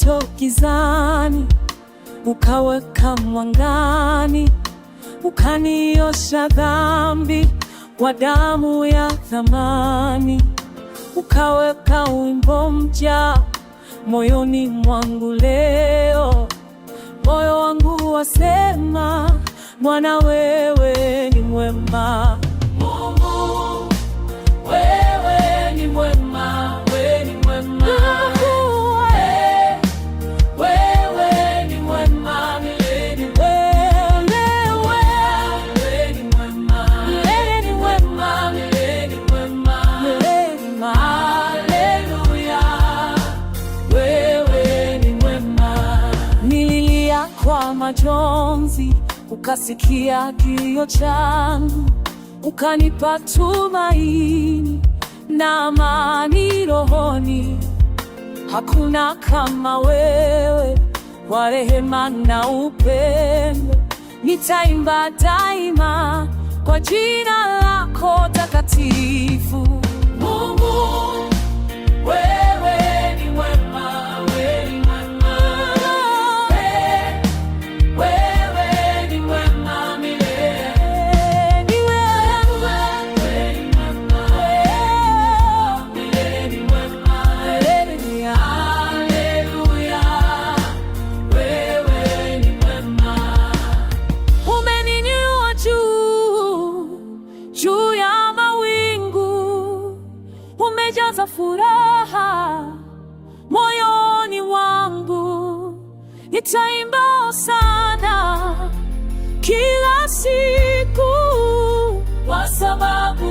nzito gizani, ukaweka mwangani, ukaniosha dhambi kwa damu ya thamani, ukaweka wimbo mpya moyoni mwangu leo. Moyo wangu wasema, Bwana wewe ni mwema. kwa majonzi, ukasikia kilio changu, ukanipa tumaini na amani rohoni. Hakuna kama wewe, wa rehema na upendo, nitaimba daima kwa jina lako takatifu Mungu. umejaza furaha moyoni wangu, nitaimba sana kila siku kwa sababu